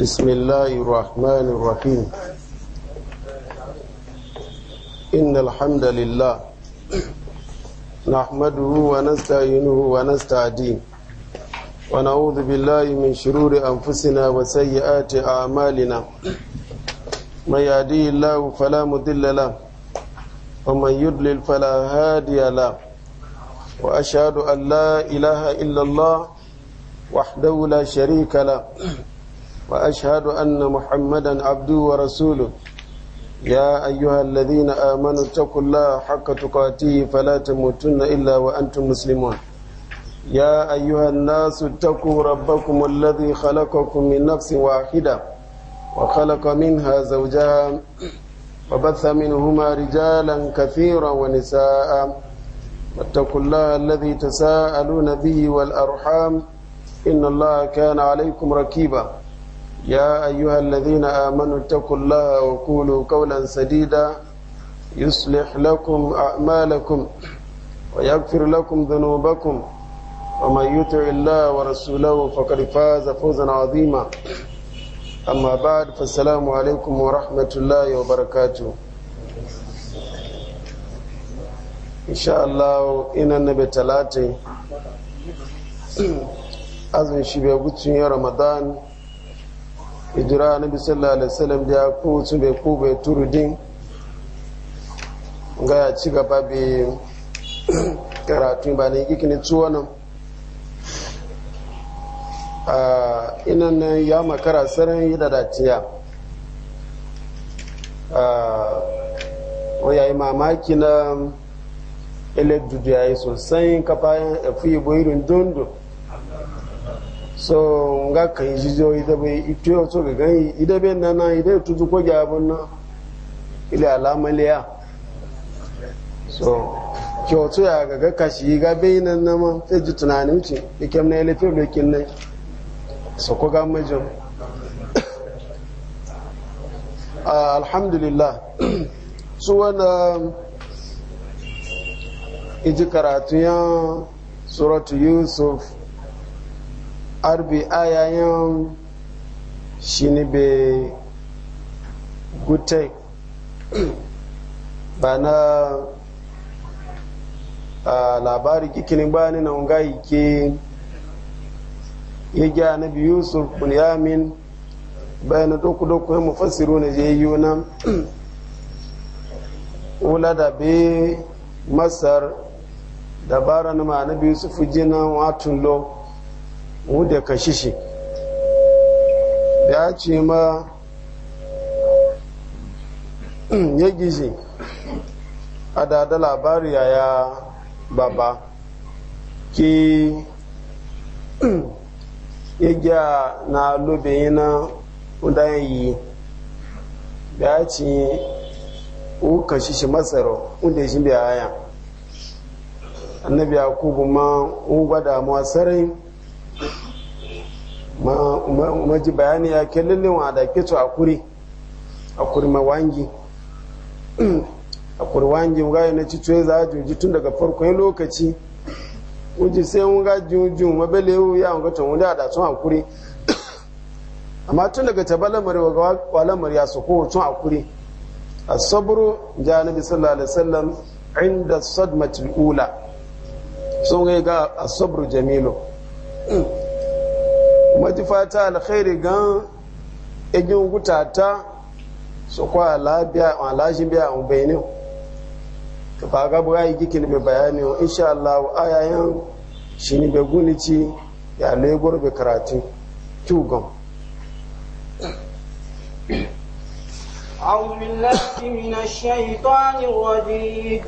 بسم الله الرحمن الرحيم إن الحمد لله نحمده ونستعينه ونستعديه ونعوذ بالله من شرور أنفسنا وسيئات أعمالنا من يهديه الله فلا مضل له ومن يضلل فلا هادي له وأشهد أن لا إله إلا الله وحده لا شريك له وأشهد أن محمدا عبده ورسوله يا أيها الذين آمنوا اتقوا الله حق تقاته فلا تموتن إلا وأنتم مسلمون يا أيها الناس اتقوا ربكم الذي خلقكم من نفس واحدة وخلق منها زوجها وبث منهما رجالا كثيرا ونساء واتقوا الله الذي تساءلون به والأرحام إن الله كان عليكم ركيباً يا أيها الذين آمنوا اتقوا الله وقولوا قولا سديدا يصلح لكم أعمالكم ويغفر لكم ذنوبكم ومن يطع الله ورسوله فقد فاز فوزا عظيما أما بعد فالسلام عليكم ورحمة الله وبركاته إن شاء الله إن النبي ثلاثة أزمن شبه رمضان ijira na bisallah salam da ko su bai ko bai turu din ga ya ci gaba bai karatu ba ne kikini tuwa nan a inan ya makara saran yi da datiya a yi mamaki na ile dudu yi sosai kafayen efu ibo irin dundu so nga kan ita bai ito yo to ga gan idabe nana ide tutu ko ga bunna ila alamaliya so ki to ya ga gaka kashi ga bai nan na ma ji tunanin ci ikem e na ile fe lokin nan so ko ga majo ah, alhamdulillah su wanda iji karatu ya suratu yusuf arbi ayayen shi ne be gutai ba na labari kikinin bani na unga ke ya gya na biyu su bunyamin bayan doku-doku ya mufassiru na je yi nan wula da be masar dabara na ma na biyu su fujina watun lo wuda ka shishi da ya ce ma hmm, ya gizi a dada labari yaya baba ki hmm, ya na lobe yana udayen yi ya ce uka shishi matsaro inda shi biya haya annabi yakubu ma un gwada mu sarai maji bayani ya ke lallewa da ke to akuri akuri mawangi akuri wangi ga na ci za a juji tun daga farkon lokaci uji sai mun ga juju mabele ya wunga tun wunda da da tun akuri amma tun daga tabalamar wa lamar ya soko tun akuri a sabru ja nabi sallallahu alaihi wasallam inda sadmatil ula sun ga a saburu jamilu maji fata alkhairi gan egin gutata su kwa biya a benin ta faga buga yi gikin bai bayani wa insha Allah ayayen shi ne bai gunici ya lagos bai karatu tugon أعوذ بالله من الشيطان الرجيم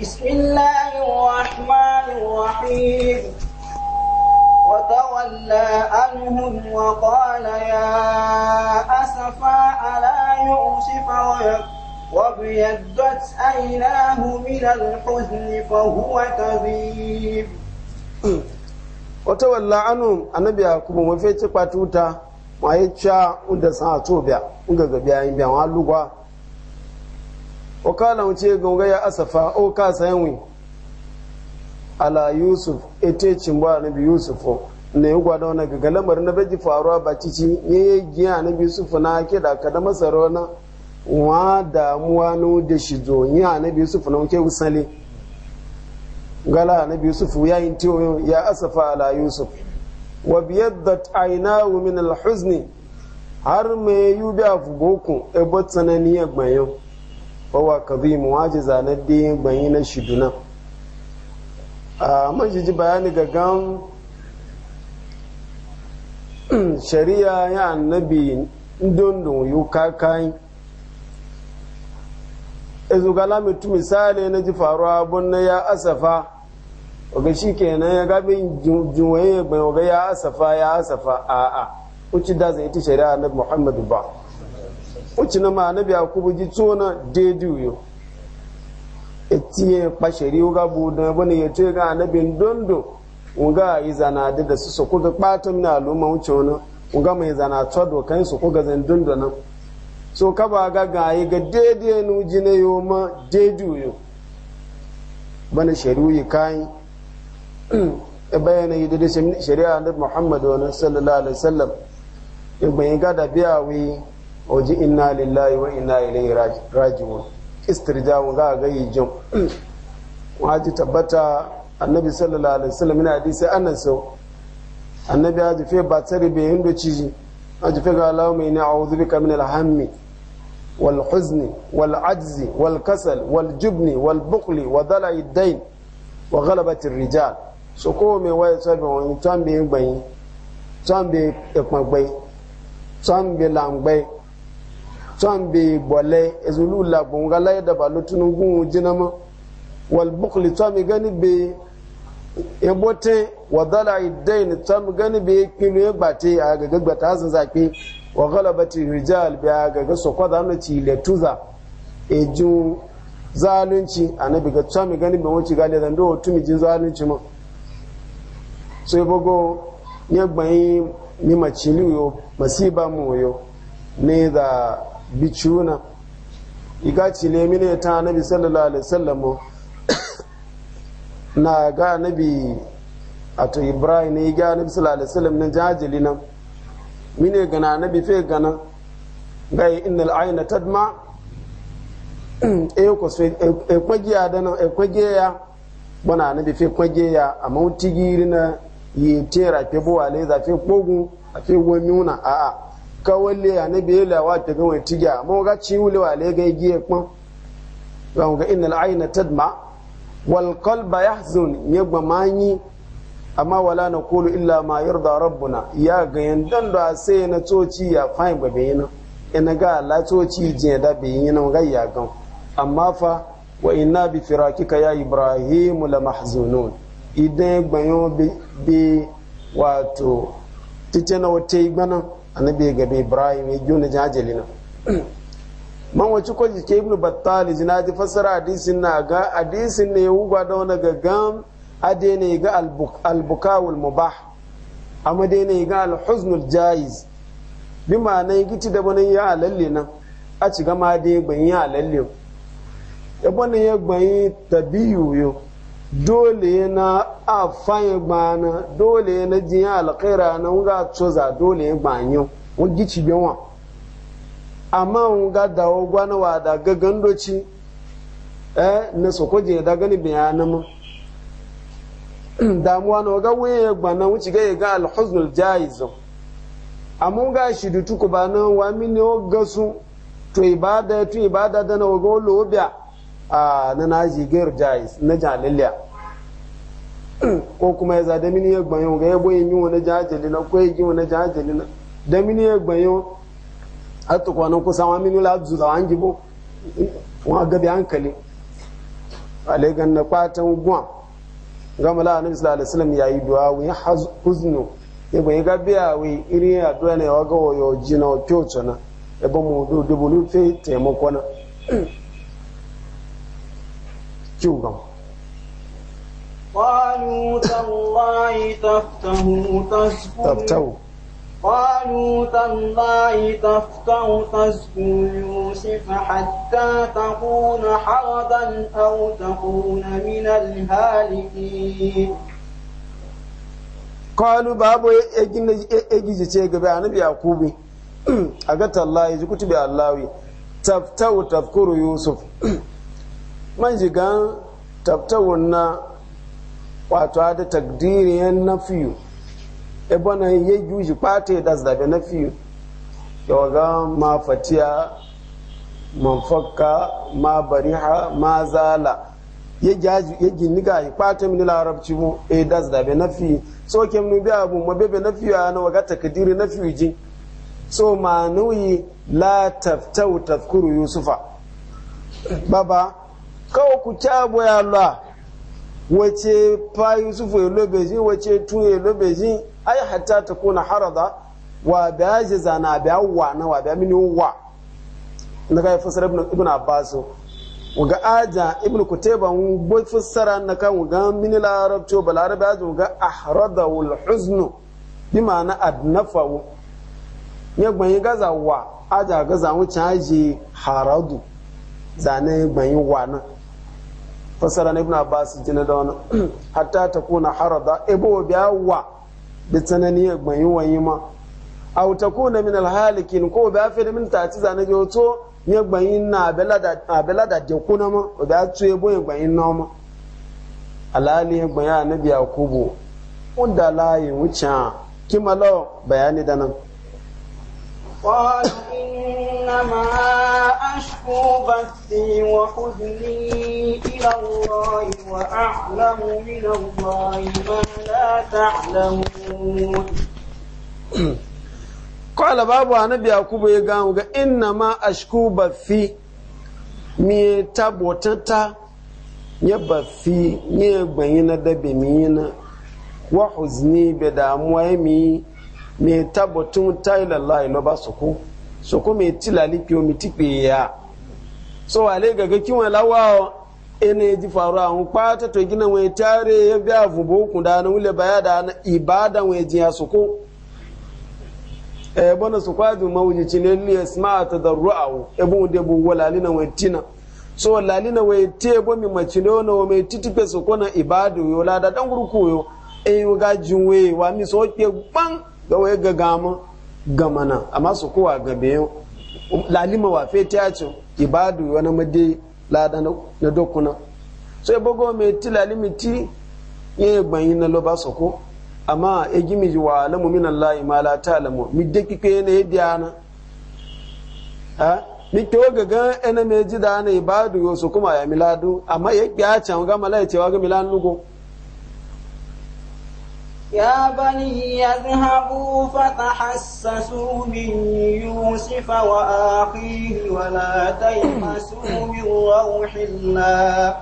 بسم الله الرحمن الرحيم وتولى عنهم وقال يا أسفا على يوسف وابيضت عيناه من الحزن فهو كظيم وتولى عنهم النبي يعقوب مفيتي قاتوتا cha unda sa to biya in ga biya ayin biya wa lugwa o kala wuce ga ya asafa o ka sayan wi ala yusuf ete cimba anabi yusuf ne yi gwada wani gaga lamarin na bai faruwa ba ne ya yi giya anabi yusuf na ake da aka da masa rona wa damuwa no da shi zo ni anabi yusuf na ke usale gala anabi yusuf ya yi tiyo ya asafa ala yusuf wa biyar biyaddat ainahu min alhuzni har mai me yubi afubokun ebo tsanani ya gbanyo wa wa mu wajiza na de gbanyi na shiduna a manjiji bayani ga gan shari'a ya annabi dundun yu kakai izu gala misali na ji faruwa bunna ya asafa oga shi kenan ya gabi juwaye bai oga ya asafa ya asafa a a uci da zai ita shari'a na muhammadu ba uci na ma a ya kubu ji tsona yau etiye kpashari uga buda bane ya ce ga anabin dondo uga izana da da su soko ga kpata mina al'umma wuce wani uga mai zana tsado kan su ko zan dondo nan so ka ba ga yi ga daidai nu jine yo ma daidu yo bane shari'u kai e bayana yi da shari'a annabi Muhammad wani sallallahu alaihi wasallam e bayin ga da biya wi oji inna lillahi wa inna ilaihi raji'un istirjawun ga ga yi jau haji tabbata annabi sallallahu alaihi wasallam ina hadisi annan sau annabi haji fe ba tsari bai hindu ciji haji fe ga lawo mai ne a wuzu bika min alhammi wal huzni wal ajzi wal kasal wal jubni wal bukli wa dala iddain wa galabatin rijal so ko mai waye tsabi wani tsambe gbayi tsambe ekpagbai tsambe lamgbai tɔn bɛ gbɔlɛ ezulu la gbɔngala yɛ daba lotunu gun jinama wal bukuli tɔn mi gani bɛ ebote wadala idain tɔn mi gani bɛ kinu ye gbate a gaga gbata zanza kpe wa galabati rijal bɛ a gaga sɔkɔda na ci lɛ tuza ejun zalunci anabi biga tɔn mi gani bɛ wɔnci gale zan do tumi jin zalunci ma so ibogo nye gbanyi ni macili yo masiba mu yo ne da bicuna iga ne mine ta nabi sallallahu alaihi wasallam na ga nabi ato ibrahim ne ga nabi sallallahu alaihi wasallam na jajili nan mine gana nabi fe gana ga innal ayna tadma e ko so e eh, eh, kwagiya da nan e kwagiya bana nabi fe kwagiya a utigiri na yi tera ke bo za fe kogun a fe wani a a kawale anabi ila lawa ta gawa tiga ma ga ci wule wa le ga giye kpon ga ga innal ayna tadma wal qalba yahzun ya gbamanyi amma wala na kulu illa ma yarda rabbuna ya ga yandan da sai na coci ya fain ba na ina ga la tsoci je da na ga ya gan amma fa wa ina bi firakika ya ibrahim la mahzunun idan gbanyo bi wato titina wata igbana annabi gabe ibrahim ya gina jajali na man wacce kwaji ke ibn battali jinaji fassara hadisin na ga hadisin ne ya wuga da wani gaggan ade ne ga albukawul mubah amma dai ne ga alhuznul jaiz bi ma na gici da wani ya alalle na a ci gama dai gbanyi alalle ya bane ya gbanyi tabiyu yau dole na a fayin gbana dole na jiyan alkhaira na nga tsoza dole gbanyo won gici bi won amma won ga dawo gwana wa da gagan doci eh na sokoje da gani bayanan mu damuwa na ga waye gbana wuci ga ga alhuznul jaiz amma ga shi dutu ko ba nan wa min o gasu to ibada to ibada da na ga lobiya a na naji gair jais na jalilya ko kuma ya za da mini ya gbanyo ga ya boye yi wani jajali na ko ya gi wani jajali na da mini ya gbanyo a tukwanin kusa wa mini labzu da an gibo wa gabi hankali alaigan na kwatan guwa ga la anabi sallallahu alisalam ya yi duwa wa huznu ya gbanyo ga biya wa iri addu'a ne wa ga wayo jina wa na. ya ba mu dubu lufe taimako na Kalu taftau taftau, Falu da layi taftau tafku yosi, a hadda ta huna haɗa na ta huna minan halifi. babu ya gace gaba yana biyu a kube, a ga ta layi jukatu bai yi Taftau tafkuru Yusuf. man jigan tabtawun na wato da takdiriyan na fiyu ibana ya yuji kwata da daga na fiyu yau ga ma fatiya manfakka ma bariha ma zala ya gini ga yi kwata mini larabci mu a da zabe na fiyu so mu nubi abu ma bebe na fi a na waga takdiri na fiyu jin so ma nuyi la taftau tafkuru yusufa baba kawo ku kyabo ya la wace fa yusufu ya lobeji wace tun ya a ai hatta ta kuna harada wa biya jiza na biya wa na wa biya mini wa na kai fasara ibn abbas ga aja ibn kutaiba bo fasara na kan ga mini larabto larabta aja ga ahrada wal huznu bi ma'ana adnafawo ya gbanyi gaza wa aja gaza wuce aji haradu zane gbanyi wa na fasara na ibn abbas jina da wani hatta ta kuna harada ibo biya wa da tsanani ya gbanyi wani ma a wuta kuna min alhalikin ko biya fi da min ta ci zane jo wato ya gbanyi na abela da je ma o biya tu bo ya gbanyi na ma alali ya gbanyi annabi yakubu wanda layi wuce kimalo bayani da nan قالوا إنما أشكو بثي وحزني إلى الله وأعلم من الله ما لا تعلمون قال بابا النبي يعقوب يقام إنما أشكو بثي مي تبوتتا ya fi ya gbanyi na dabe mi na wa huzni be damuwa mi mai tabbatun tailala ilo ba soko soko mai tilali pio mi ti pe ya so wale gaga ki wọn lawa ene ji faru ahun pata to gina wọn tare ya e biya vubo kun da na wule baya da na ibada wọn ji ya soko eh bona soko adu mawuji cine ni yasma tadarru'u e ebun de bu wala lina wọn tina so lalina wai tebo mi macino na wa mai titipe soko na ibadu yo la da dan gurku yo e yo ga jinwe wa mi so ke ban ga waye ga gama gama na amma su kowa ga bayan lalima wa fe ta ce ibadu wani made lada na dokuna so ya mai ti lalimi ti ya gbanyi na loba su ko amma ya e gimi ji wa alamu min Allah ma la ta alamu mi de kike ne ya ana ha mi ke o gaga ena mai ji da ana ibadu yo su kuma ya miladu amma ya kya can ga malai cewa ga milan lugo يا بني يذهبوا فتحسسوا من يوسف وآخيه ولا تيأسوا من روح الله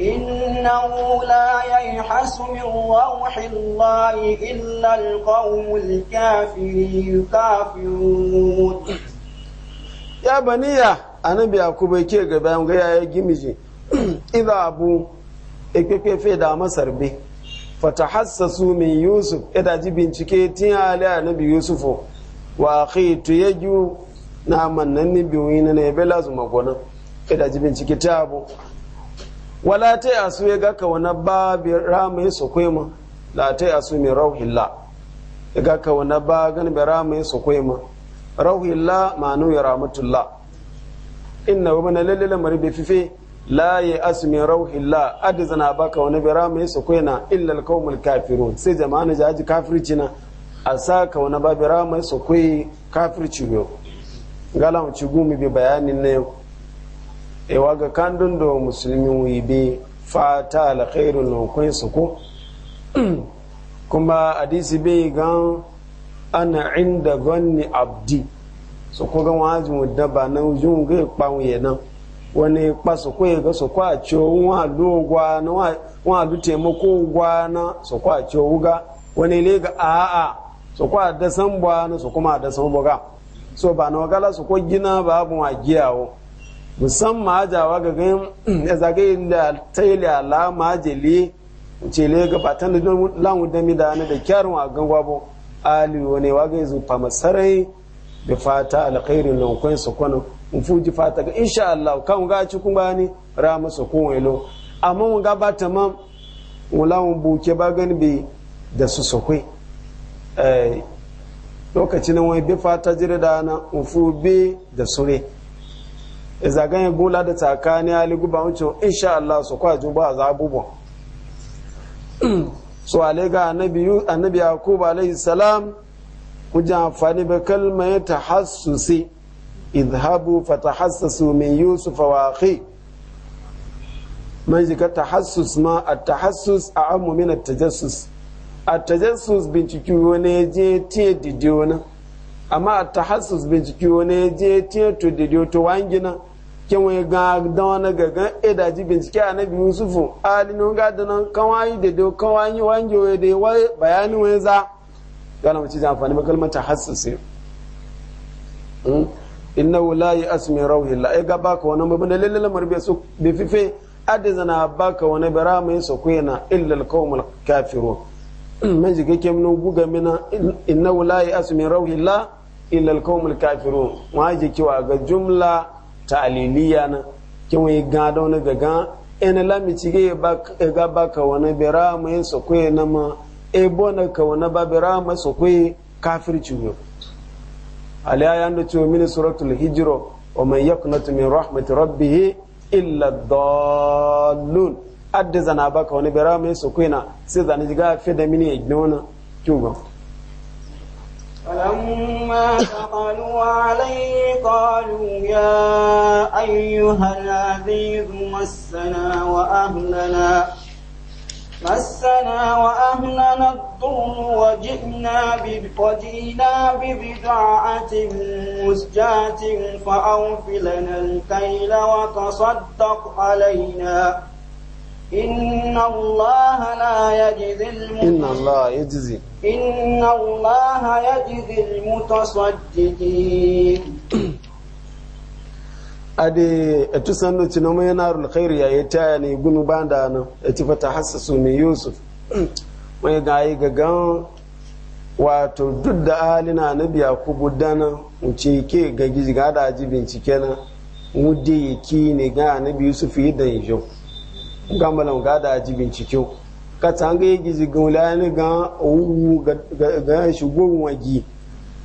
إنه لا ييحس من روح الله إلا القوم الكافرين كافرون يا بني annabi yakubu yake gaba ga yaya gimiji idza abu ikpepe fe da masarbe fatahassasu min yusuf ita ji bincike tin hali annabi yusufu wa akhi ju na mannan ni biwi na ne bela su magona ita ji bincike ta abu wala ta asu ya ga ka wani babi rama ya so kwema la ta asu rauhin la. ya ga ka wani ba gani bi ramai su kwema rauhillah ma'anu ya rahmatullah inna wa mana lalle lamari bi fife la ya asmi rauhillah adizana baka wani bira mai su kwena illal kawmul kafirun sai jama'a na jaji kafirci na a sa ka wani ba bira mai su kwe kafirci yau galan gumi bi bayanin na yau ewa ga kandun da musulmi wuyi bi fata alkhairun lokacin su ko kuma hadisi bai gan ana inda gwanni abdi su gan wajen wadda ba na wajen ga ya ya nan wani kpasokwai ga sokwace wọn alu ogwa na wọn alu taimako ogwa na sokwace wuga wani ile ga a'a sokwa da san bwa na so kuma da san ga so ba na wagala su ko gina babu wa giyawo musamman ajawa ga gayin ya zagayin da taili alama jeli cele ga batan da lamu dami da na da kyarun a gangwa bo aliyu ne waga yanzu fama da fata alkhairin lankwai su kwanan mfuji fata ga insha Allah kan ga ci kuma ni ramu su kun welo amma mun ga ba ta man wulawun buke ba ganbe bi da su sokwe eh lokaci wai bi fata jira da na mfu bi da sure zagan ya gula da tsakani ali guba wucin insha Allah su kwa ju ba za abubuwa so ale ga annabi annabi yakub alayhi salam kujan amfani ba kalmar ta idhabu fatahassasu min yusuf wa akhi man jika tahassus ma at-tahassus a'ammu min at-tajassus at-tajassus bincike wani je te didi na amma at-tahassus bincike wani je te to didi to wangina kin wani ga dan wani gagan edaji bincike annabi yusufu alinu ga dan kawai da do kawai wange wai da bayani wai za dole mu ci amfani ba kalmar tahassus inna wula yi asmi rauhi la ga baka wani mabin da lalle marbe su bi fife adizana baka wani bara mai su na illal alqawmul kafirun man jiga kem no guga mina inna wula yi asmi rauhi la illal alqawmul kafirun ma ji kiwa ga jumla ta aliliya na kin wai ga da wani gaga ina la mi cige ga baka wani bara mai su na ma e bona ka wani ba bara mai su kuyi kafirci ne alaya yando ci min suratul hijro wa man yaqnatu min rahmati rabbih illa dallun adda zana baka wani bera mai su kuina sai zana jiga fi da mini ya gina wani kyuba فلما دخلوا عليه قالوا يا أيها العزيز مسنا وأهلنا مسنا وأهلنا الضر وجئنا وجئنا ببضاعة مزجاة فأوفلنا الكيل وتصدق علينا إن الله لا يجزي المتصدقين إن الله يجزي إن الله يجزي المتصدقين ade a ci sannu ci na mai yana alkhairu ya yi ya ne gunu ba da nan a ci fata hassasu mai yusuf mai yi gagan wato duk da alina na biya kubu dana wuce ke ga gizi ga da ji bincike na wudde ya ki ne ga na biyu su fi da jo gambalan ga da ji bincike ka tanga yi gizi ga wulayani ga owu ga shigo wagi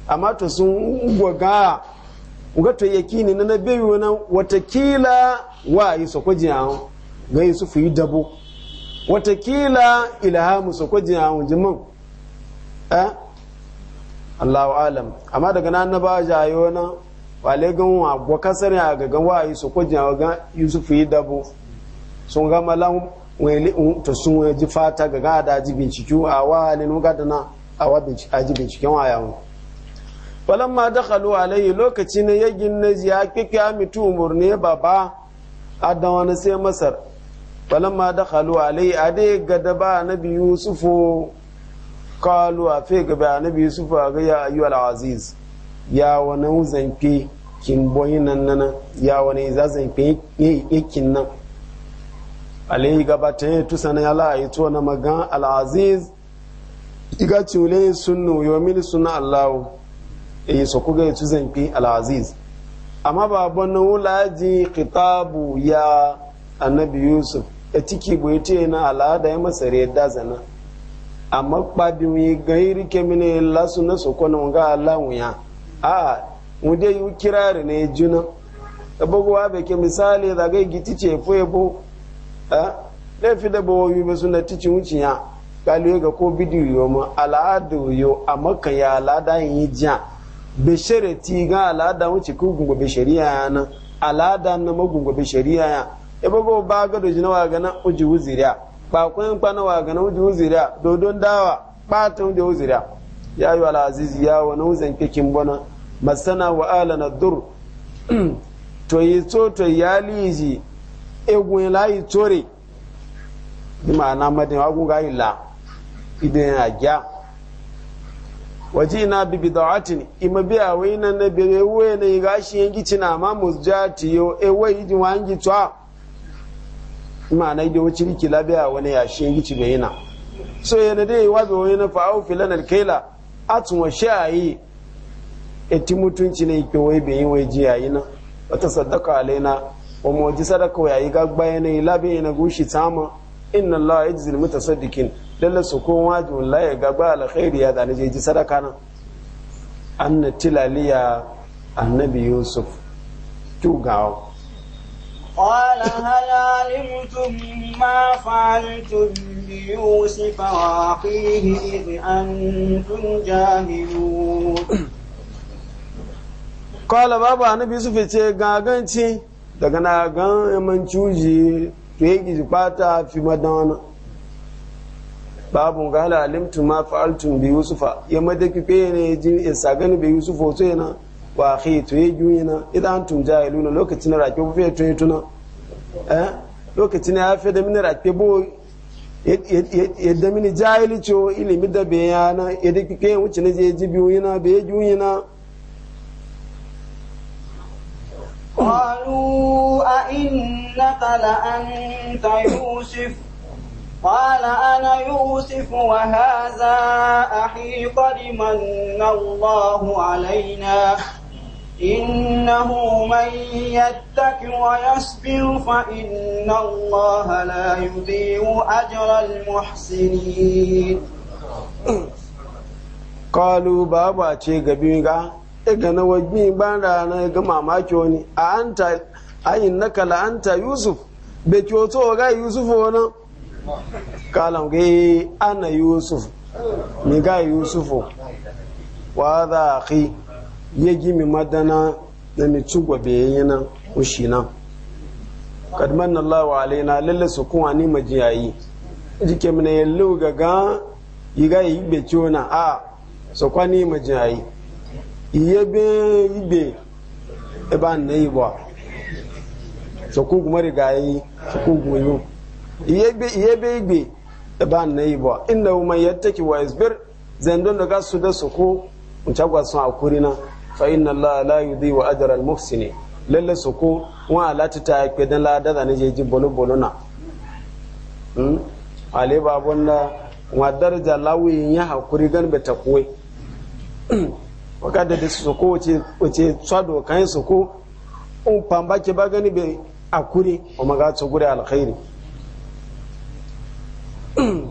amma to sun gwaga nga yakini na nabiyu na watakila wa iso ko jiyan ga yusuf yi dabo watakila ilhamu so ko jiyan jiman eh Allahu alam amma daga nan na a jayo na wale gan wa gwa kasar ya ga gan wa iso ko jiyan ga yusuf yi dabo sun ga malan wani ta sun ji fata ga gada da ji bincike a wa halin ga na a wa bincike a ji binciken wa yawon falamma dakhalu alayhi lokaci ne yagin na ya umarni ba ba baba da wani sai masar falamma dakhalu alayhi ga da ba nabi yusufu qalu a na gaba nabi yusufu ga ya ayyuhal aziz ya wani zanke kin boyi nan nan ya wani za zanke yakin nan alayhi gaba ta tusana ya la yi to na magan al'aziz iga ciwule sunnu yomil sunna Allahu. e so kuga ya tuzan fi al'aziz amma baban wula ji kitabu ya annabi yusuf ya ciki bai ce na al'ada ya masa da zana amma mu yi rike mini lasu na soko na wanga alawun ya a wude yi kirari na juna abubuwa bai ke misali da gai giti ce foye na fi da bawoyi ba suna ticin wuciya kaliyo ga ko bidiyo ma al'adu yo amma kan ya al'ada yi jiya bishare ti ga al'ada wuce ku gungo be shari'a yana al'ada na magungo be ya ebe go ba ga do jina wa gana uji wuziriya ba kun kwana wa gana uji wuziriya dodon dawa ba ta uji wuziriya ya yi ala aziz ya wa na uzan kekin bona masana wa na dur to yi to to ya liji egun layi tore bi na madin agun ga ila idan ya waje na bi watin ima biya wai nan na bere yi ne gashi yangi na ma musjati tiyo e wai ji wangi twa ma na da wuci riki labiya wani ya shi yangi cibe yana so yana dai wazo wani na fa filan alkaila atun wa yi eti mutunci na ke wai bai wai ji yi na wata saddaka alaina wa mu ji sadaka yayi gagba yana labiya na gushi tama inna allaha yajzil mutasaddiqin lalle su ko wajin laye gaba alkhairi ya zane je ji sadaka nan anna tilaliya annabi yusuf tugawa قال هل علمتم ما فعلتم بيوسف واخيه اذ انتم جاهلون قال بابا النبي يوسف ce gaganci daga na gan mancuji to yi gizi fata fi madana babu ga hala alimtu ma fa'altum bi yusufa ya madaki pe ne ji ya sagani bi yusufa so yana wa akhi to ya ju yana idan antum jahiluna lokacin rake bu fe to tuna eh lokacin ya fe da min rake bu da mini jahili cho ilimi da bayana yadda kike wuce ne je ji biyu yana be a yana قالوا أئنك لأنت يوسف قال Yusuf wahaza وهذا أخي قد من الله علينا إنه من يتك ويصبر فإن الله لا يضيع أجر المحسنين قالوا بابا ce gabi ga ga na wajmi ban rana ga mamaki wani a anta ayin naka la anta yusuf be kyoto ga yusuf wani kalam ge ana yusuf ni ga yusufu wa za akhi ye gimi madana na mi cugwa bayyana ushina kadman manna Allahu alaina lalle su kun ani majiyayi jike mun yallo gaga yiga yibe na? a so kwani majiyayi iyebe yibe e ba nayi ba su ku kuma rigayi su ku goyo iye be igbe da ba na yi ba inda man yattaki wa isbir zandon da su da su ko in cagwa sun akuri na fa inna allah la yudhi wa ajra al muhsini lalle su ko wa alati ta ke dan la da ne je ji bolo bolo na hmm ale ba bonna wa daraja lawi ya hakuri gan be takwe wakada da su ko wace wace tsado kan su ko un pamba ke ba gani be akuri o maga tsugure alkhairi kalu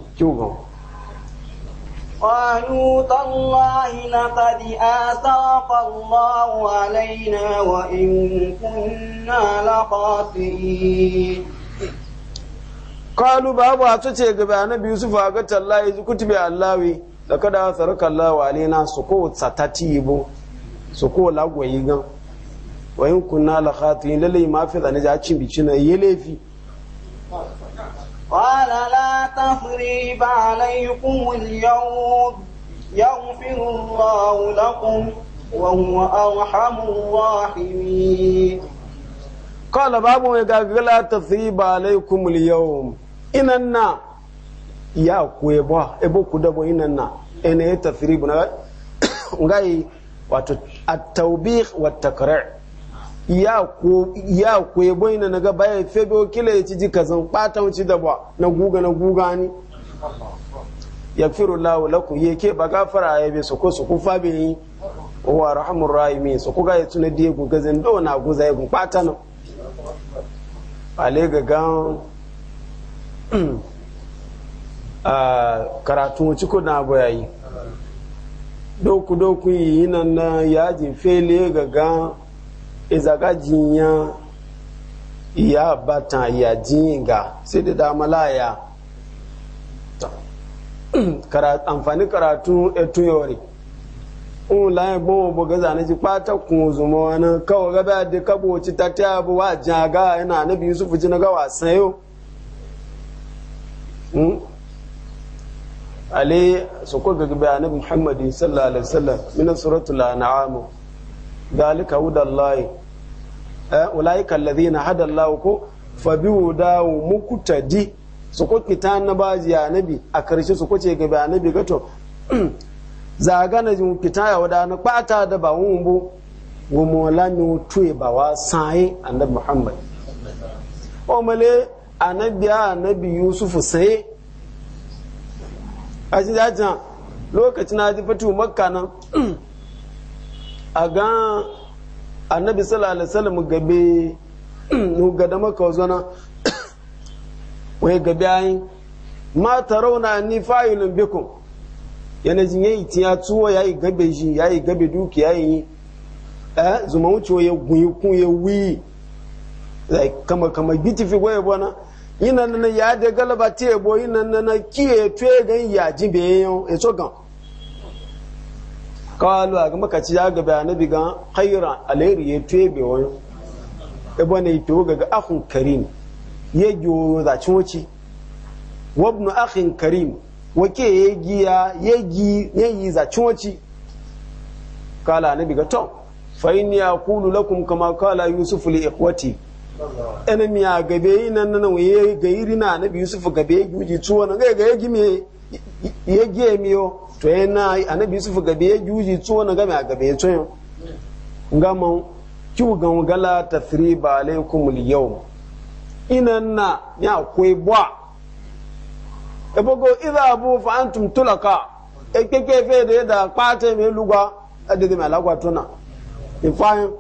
baabu a tuntun ce ya na biyu su faga ta ɗi alahu yi su kuma ta biyu ala yi da aka da saraka da alahu yi su kon ta ta tiyibu su kon laguwa yi la wayi kun na lakatu yi da la yi ma da ni a cim yi laifi. قال لا تثريب عليكم اليوم يغفر الله لكم وهو أرحم الراحمين قال بابو يقول لا تثريب عليكم اليوم إننا ya ku ebo ebo ku dabo inan na ene ya tathribu na ngai wato at-tawbih wa takri' ya ya bai na naga bayan febe kila ya ci ji kazan ɓata wuce da ba na guga na guga ni ya firu lawo laku ya ke ba gafara ya bai soko su kufa bai yi wa rahamun rahimi su ga ya tuna da ya guga zan na guza ya gun ɓata na ale ga gan karatun wuce ko na abu yayi doku doku yi nan na yajin fele ga gan izaga jinya iya batan iya jinga sai da dama ya. amfani karatu a tuyori un layin gbọ́n ọgbọ̀ gaza na ji pata kun zuma wani kawai gaba da kabo ci ta ta abu wa jan ga yana nabi yusufu ji na ga wasan yau hmm? ale su kwa gagbe a nabi muhammadu sallallahu alaihi wasallam minan suratul an'am ذلك هدى الله أولئك الذين هدى الله كو فبهداه مقتدي suko kita annabaji ya nabi a karshe suko ce gaba annabi gato zaga na jin kita ya wada na kwata da ba wumbu gumola mi tuye ba wa sai annabi muhammad o male annabi ya annabi yusuf sai a ji lokacin na ji fatu makka nan a ga annabi sallallahu alaihi wasallam gabe nu ga da maka zona wai gabe ayin ma tarawna ni fa'ilun bikum yana jin yayi tiya tuwo yayi gabe ji yayi gabe duki yayi eh zuma wuce ya gunyi kun ya wi like kama kama bitifi waye bona yinan na ya de galaba te bo nan, na kiye twe gan ya jibe e so gan kawalu a ga makaci ya gaba ya nabi ga khairan alheri ya tebe wani ibo ne to gaga akhun karim ya giyo za ci wuce wabnu akhin karim wake ya giya ya gi ya yi za ci wuce kala na ga to fa ya kulu lakum kama kala yusuf li ikhwati enemi a gabe yi nan nan ya waye ga na bi yusuf gabe ya giuji tuwa nan ga ga ya gi me ya gi miyo to na annabi yusuf gabe ya juji tso na game a gabe tso yau gama kiwu gangala ta firi ba alaikumul yau inan na ya akwai bwa ya bugu iza abu fa an ya e keke fe da yadda kpata mai lugwa a daga mai alagwa tuna ya e fahim?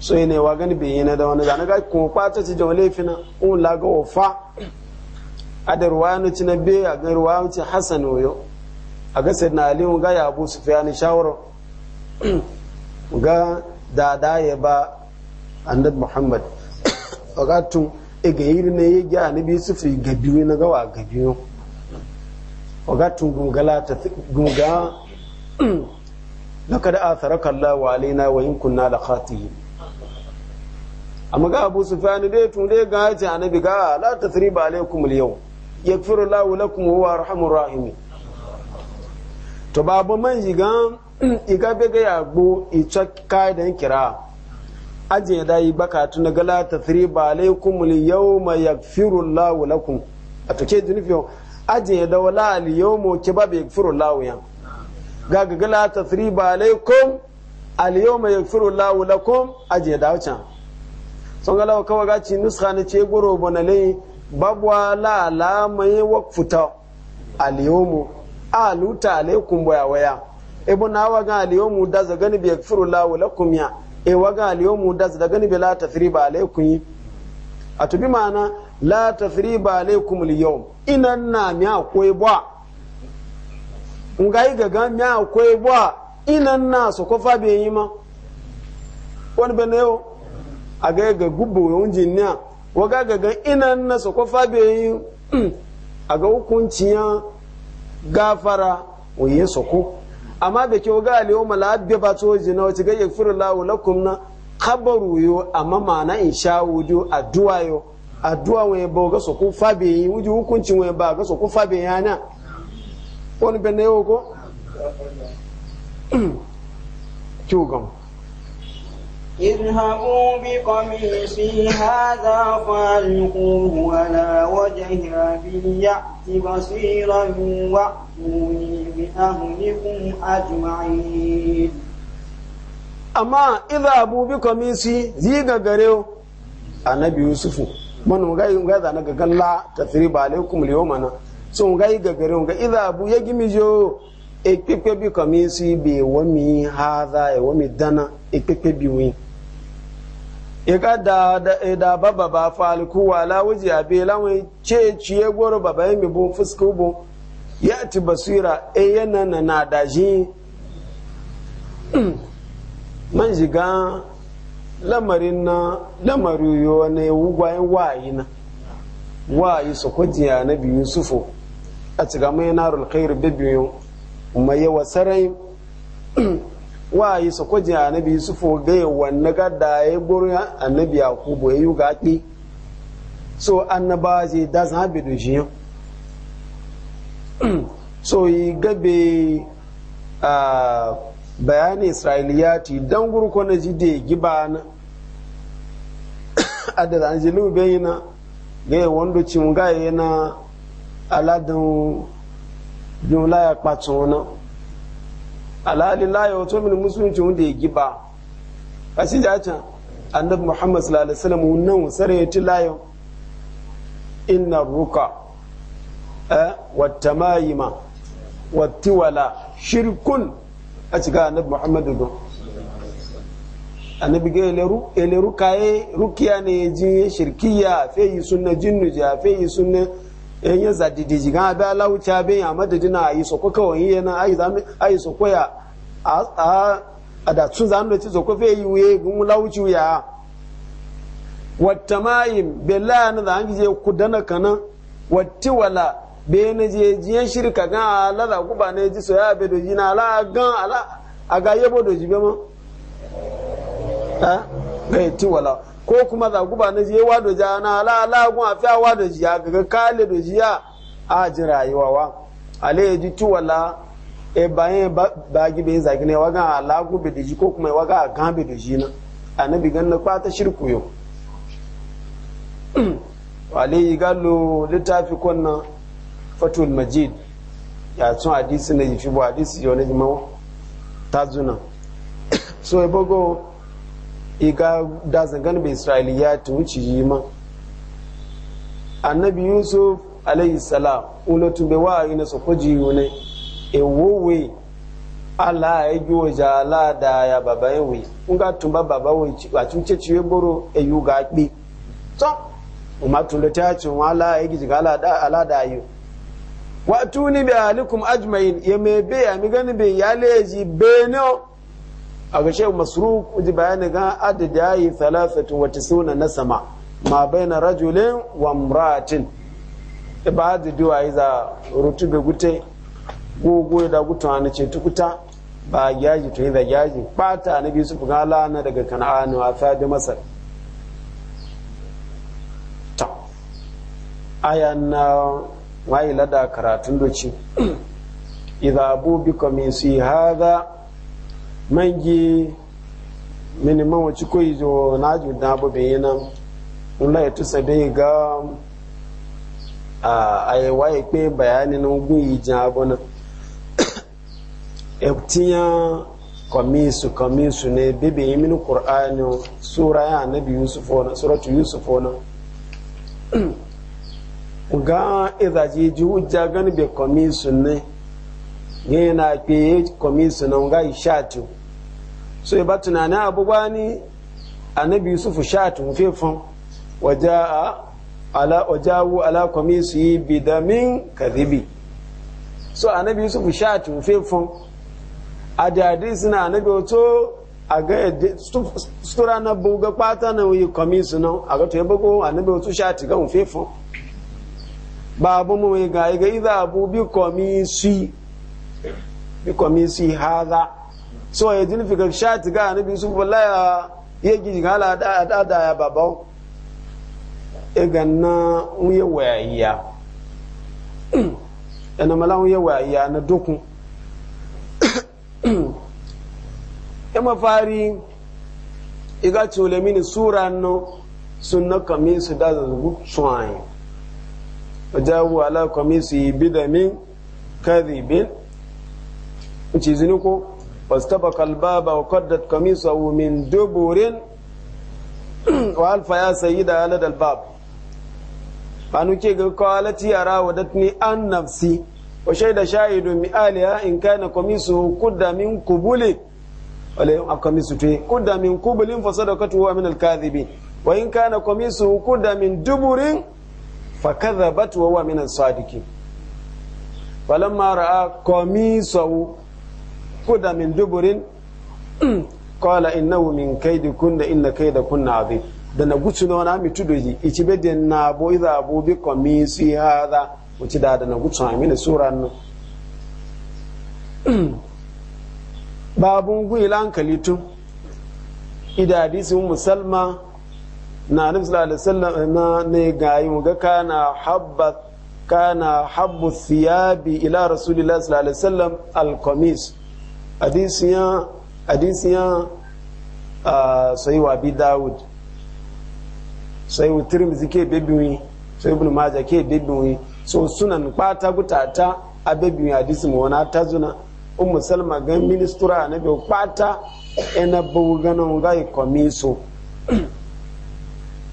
so yi ne wa gani bai yi na da wani zane ga kuma kpata ci da wani laifina un lagawa fa a da ruwa ya nuci na biyu a ga ruwa ya nuci hassan oyo a ga sayyidina ali ga ya abu sufyan shawara ga da da ya ba annabi muhammad Wakatun tun e ga yiri ne ya ga annabi sufi ga biyu na gawa ga biyu ga gungala ta gunga لقد آثرك الله علينا kunna da khatiyi amma ga abu sufyanu dai tun dai ga ya ce annabi ga la tasriba alaikum al yau yaghfiru lahu lakum wa huwa arhamur rahimin to babu man gan iga bega ya gbo ita kayan kira ajin da yi baka tun gala galata 3 ba alaikum yawma yaghfiru Allahu lakum a to ke dunufi ajin da wala al yawma ke ba yaghfiru lawu ya ga ga galata 3 ba alaikum al yawma yaghfiru Allahu lakum ajin da wacan son ga lawa kawai gaci nuska na ce goro bonale babu la alama mai wakfuta al yawma aluta alaikum waya waya ebo na waga aliyomu da za gani bi furu lahu lakum ya e waga aliyomu da za gani bi la tathriba alaikum yi tubi mana la tathriba alaikum al-yawm inan na mi akwai bwa ngai gagan mi akwai bwa inan na so ko fa be yima wani bane yau? aga ga gubu yonji wa waga gagan inan na so ko fa be yi aga hukuncin gafara wayin soko amma da kyau ga aliyu malabbe ba to jina wace ga yakfiru lahu lakum na khabaru yo amma mana insha wudu addu'a yo addu'a waye ba ga soko fabe yi wuju hukuncin waye ba ga soko fabe yana wani bane yo ko kyugam اذهبوا بقميصي هذا فألقوه على وجهها فليأت بصيرا وأتوني بأهلكم أجمعين amma idha abu bi komisi ziga gareo annabi yusufu man ga yin ga zana ga galla alaikum so ga yi ga idha abu ya gimi jo e bi komisi be wami hadha e wami dana bi iga da e, da baba ba faliku wala wuji abe lawai ce ciye goro baba yin e bibo fusku bo ya ti basira e yana na na da man jiga lamarin na lamarin yo ne wugwayen wayi na wayi su kwajiya na biyu sufo a ciga mai e narul khair bibiyu mai yawa sarai wayi sokojin annabi yusufu gaya wanne gada ya gburin annabi yakubu ya yi gaƙi so annaba zai da zan haɓe da shi so yi gabe a bayanin isra'iliyati don gurkwa na ji da giba na adada zan ji lube na gaya wanda cin gaya na aladun jumla ya kpatsu na alhalillahi wato min musulunci wanda ya giba a shi jacin annabi muhammad sallallahu alaihi wasallam nan sare ya ti layo inna ruka eh, wata mayima wata wala shirkun a cika annabi muhammad don annabi ga ele rukaye rukiya ne ya ji shirkiya fe yi sunna jinnu ja fe yi sunna in ya zadidi jigan abe alawuce abe ya madadi na ayi soko kawai yi yana ayi soko ya a a da tun zanu ci soko fe yi wuye gun lawuci ya wata mayin bela na da hangi je kudana kanan wati wala be na je jiyan shirka gan ala da kuba na ji soya be doji na ala gan ala a ga yabo doji be ma ga ti wala ko kuma za guba na je wa doja na ala ala gun afiya wa dojiya gaga kale dojiya a ji rayuwa wa ale ji tuwala e bayan ba ala gun be doji ko kuma waga gan be doji na annabi gan na kwata shirku yo wale galo littafi kwanna fatul majid ya tun hadisi na yi fi bu hadisi na jimawa ta zuna so ebogo iga da zangan bai ya ta wuce yi ma annabi yusuf alayhi salam ulotun bai wa yi na sokoji yune e wowe ala ya yi waje ala da ya baba ya wuyi in ga tumba baba we a cin ce ciye boro e yi ga gbe so tun tulata ya ce wa ala ya gizi ala da yi wa tuni bi alikum ajmain ya mebe ya mi gani bai ya leji benin aga shehu masruq ji bayani ga adadi yayi suna na sama ma baina rajulin wa imra'atin ba da duwa iza za rutube gute gogo da ne ce tukuta ba gyaji to yi gyaji bata na bi su fuga lana daga kan'anu a fadi masar ta aya na wayi lada karatun doci idza abu bikum min si hadha mangi mini man wace koyi zo na ju da bu be yana nla ya tusa be ga a ayi waye pe bayani na gun yi jan abona ebtiya kamisu kamisu ne bebe yi mini qur'ani sura ya annabi yusuf ona suratu yusuf ona ga idaji ji hujja gani be kamisu ne yana pe kamisu na ga ishatu so ya ba tunanin abubuwa ni annabi yusuf sha tumfefan wajawu ala kwamisi bidamin kadhibi so annabi yusuf sha tumfefan a jadi suna annabi wato a ga sutura na buga kwata na wuyi kwamisi nan a ga tuye bugu annabi wato sha tiga ba abu mu ga ga iza abu bi kwamisi bi kwamisi haza so ya jini fikar shati ga anabi sun bala ya ya giji ga ala da ya babau e ganna unye wayayya ana mala unye ya na dokun ya mafari iga tole mini sura no sunna kamisu da zugu tsuwaye wajawu ala kamisu bidamin kadhibin uci zini ko واستبق الباب وقدت قميصه من دبر وألف يا سيدها على الباب فأنوكي قالت يا راودتني عن نفسي وشهد شاهد من إن كان قميصه قد من قبول قميصه قد من قبول فصدقته هو من الكاذبين وإن كان قميصه قد من دبر فكذبت وهو من الصادقين فلما رأى قميصه kuda min duburin qala innahu min kaydikunna inna kaydakunna azim da na gutu na wani amitu doji ichi bede na bo iza abu bi komisi hada wuci da da na gutu amina sura nu. babun gwi lankali tun idadisi musalma na nabi sallallahu alaihi wasallam na ne gayi ga kana habba kana habbu thiyabi ila rasulillahi sallallahu alaihi wasallam al-qamis hadisiyan hadisiyan sayi wa bi dawud sayi wa tirmizi ke bebiwi sayi bin maja ke bebiwi so sunan kwata gutata a bebiwi adisi mu wana ta zuna ummu salma gan ministura na biyu kwata ina bugu ganin gai komiso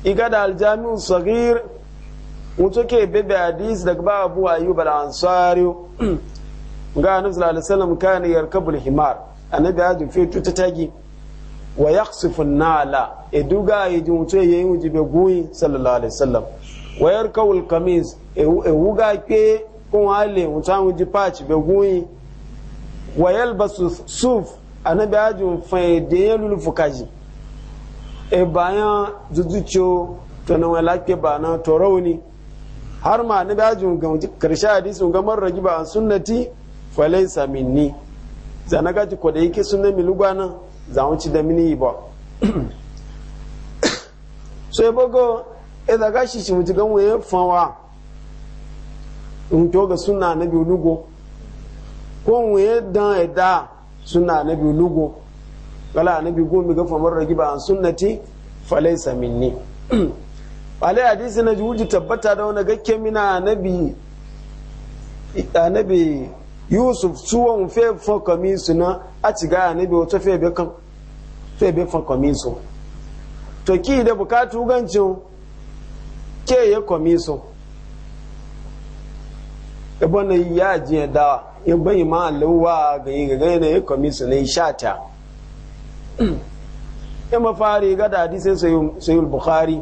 igada aljami'u sagir mutu ke bebe hadisi daga ba abu ayyub al-ansari ga annabi sallallahu alaihi wasallam kana yarkabul himar annabi ya jufe tuta tagi wa yaqsifu nala e duga e junto ye wuji be guyi sallallahu alaihi wasallam wa kawul kamis e, e wuga ke kun hale mutan wuji patch be guyi wa yalbasu suf annabi ya jufe de yelul fukaji e bayan zuzucho to na wala ke bana to rauni har ma annabi ya jufe karshe hadisi ga marragi ba an sunnati falaisa minni zana gaji ko da yake sunna mi lugwana za mu ci da mini ba so e bogo e da gashi shi mutu gan waye fawa in to sunna na bi lugo ko waye dan e da sunna na bi lugo wala na bi gomi ga famar ragiba an sunnati falaisa minni wale hadisi na juji tabbata da wani gakke mina nabi nabi yusuf suwon fe fọkànmí suna a ti gaya níbi wata febe fọkànmí so to ki da bukatu gancin ke e ya kọmi so ibon na ya jiya da in e bayi ma alluwa ga yi gaga yana ya kọmi so na sha ta ya e mafari ga da hadisai sayul bukhari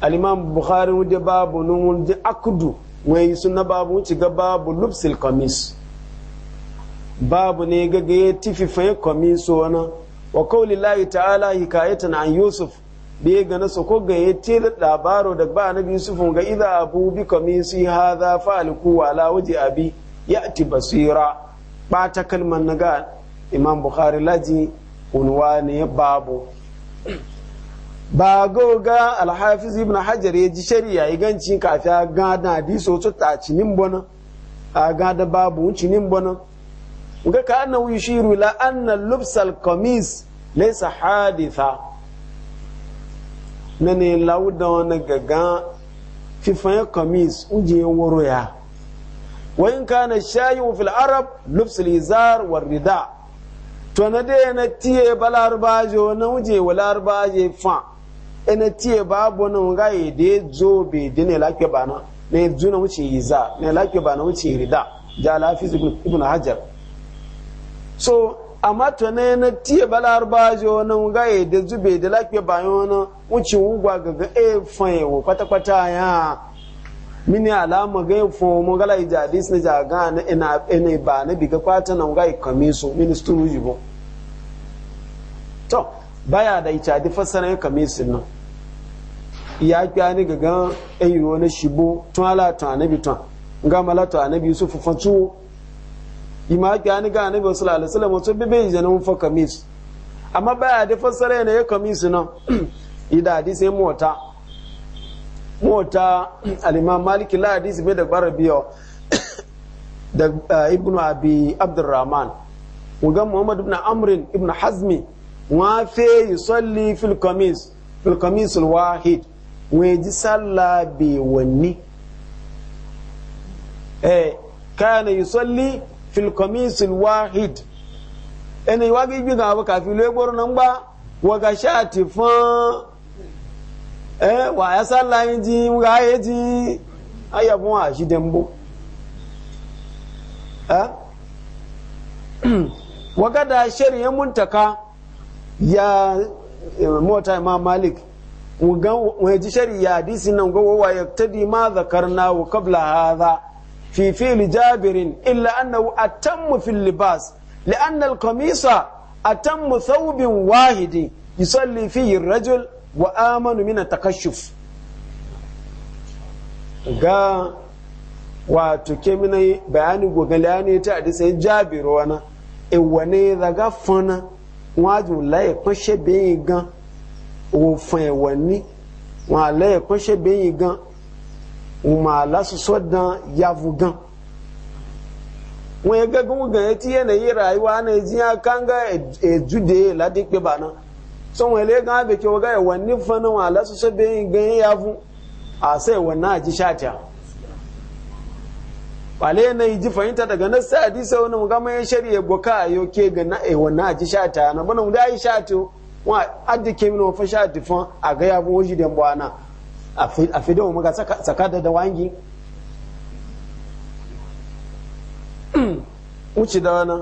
alimam bukhari wadda babu nun wadda akudu wai suna babu wuce ga babu lupsil kamis babu ne gaga ya tifi fayin kamiso wani wa kawli layi ta'ala hikayatan an yusuf da ya gana su ko ga ya labaro da ba na yusuf ga iza abu bi kamisi za fa alikuwa la waje abi ya'ti basira bata kalman na ga imam bukhari laji ne babu ba goga alhafiz ibn hajar ya ji shari'a iganci kafi a gada so su ta cinin bana a gada babu cinin bana ga ka annan yushiru la anna lubsal kamis laysa haditha na ne lauda wani gaga fifan kamis uje woro ya wa in kana shayu fil arab lubsal izar war rida to na dai na tiye balarbajo na uje walarbaje fa ene tie babu no nga e de zo be dine lakwe bana ne zuna wuce yiza ne lakwe bana wuce rida ja lafi ibn hajar so amma to ne na tie arba zo no nga ide e la da lakwe bayo na wuce ga ga e e wo kwata kwata ya mini alama ga e fo mo dis ne ja ga na ina ene ba bi ga kwata no nga ikamiso ministru jibo to baya da ita di fassara ya kamisin nan ya kya ni gaga eyiro na shibo tun ala tun anabi tun ga mala tun anabi su fufa yi ima kya ni ga anabi wasu alasala wasu bebe yi na mufa kamis amma baya da fassara yana ya kamis na ida hadisi ya mota mota alimam maliki la hadisi bai da bara biyo da uh, ibnu abi abdurrahman ga muhammad ibn amrin ibn hazmi wa fe yusalli fil kamis fil kamis al wahid E, wa ji sallaabi wa nni. Ee ka na i solli filkomi sịlwahid. Ee na iwaka ijwi na ka fili e goro na ngwa wa aya shi ati fone. Ee wa aya sallaabi nji mụ ya eji. A ya fone wa a ji dambu. Ee mụ. Wa ka daa sheri ya mụntaka ya na mmụọ taa wugan waje shari'a hadisi nan ga wawa ya tadi ma zakarna wa qabla hadha fi fi'l jabirin illa annahu atammu fil libas لأن القميص أتم ثوب واحد يصلي فيه الرجل وآمن من التكشف ga wato ke mina bayani gogale ne ta da sai jabiru wana e wane daga fana waju la e pashe gan òun fún ẹ̀wọ̀ ní wọn àlẹ́ ẹ̀kọ́ ṣègbéyìn gan òun mà dan yavu gan wọn ẹgbẹ́ gbogbo gan etí yẹn lẹ́yìn rà wá ní etí yẹn kánga ẹ̀dúdé ládé pé bàná sọ wọn ẹlẹ́ gan abẹ́kẹ́ wọ́n gá ẹ̀wọ̀ ní fún wọn àlásòsọ́ bẹ́yìn gan yavu àṣẹ ẹ̀wọ̀ náà jí ṣáàtì àwọn. wale yi ji fahimta daga na sa hadisa wani mu gama ya shari'a boka a yau ke ga na ewa na ji shata na bana mu da yi shato wọn adé kemi náà fẹsẹ̀ a fún àgẹ́yàwó ó yìí dẹ̀ ń bọ̀ àná àfidẹ́wò mọ́gà sàkà dandan wá ń yí. wuce da wana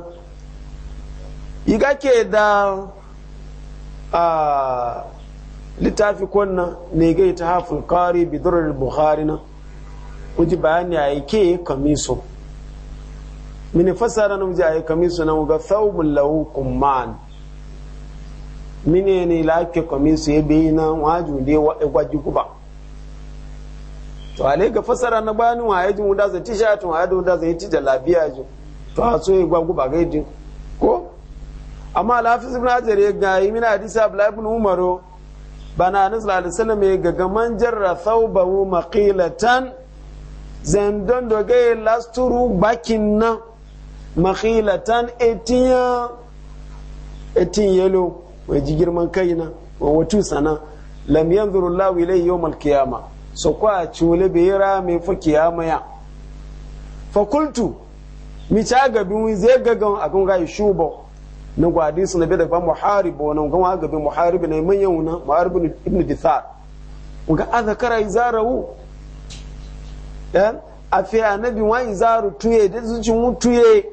yi ke da a littafi kwanna ne gai ta hafin kari bidurar buhari na wuce bayani a yake kamiso mini fasara na wuce a yi kamiso na wuga thawbun lahu kumman mine ne la ke su ya bi na waju da wa gwaji kuba to ale ga fasara na bani wa yaji muda za tisha to wa yadu da za yi labiya ji to a so ya gwagu ba gaidi ko amma lafiz ibn hajar ya ga yi mina hadisi abdullahi ibn umaro bana anas sallallahu alaihi wasallam ya ga gaman jarra thawbahu maqilatan zandon dogaye lasturu bakin nan maqilatan etiyan etin yellow wai ji girman kaina wa watu sana lam yanzuru Allahu ilayhi yawm al so kwa chule bera mai fa kiyama ya fa kuntu mi ta gabin zai gagan akan ga shubo na gwadi su na bada ba muharibo na ga gabe muharibi na manyan wuna muharibi ibn dithar ga azkara zakara dan eh? a fiye annabi wa izaru tuye da zuci mu tuye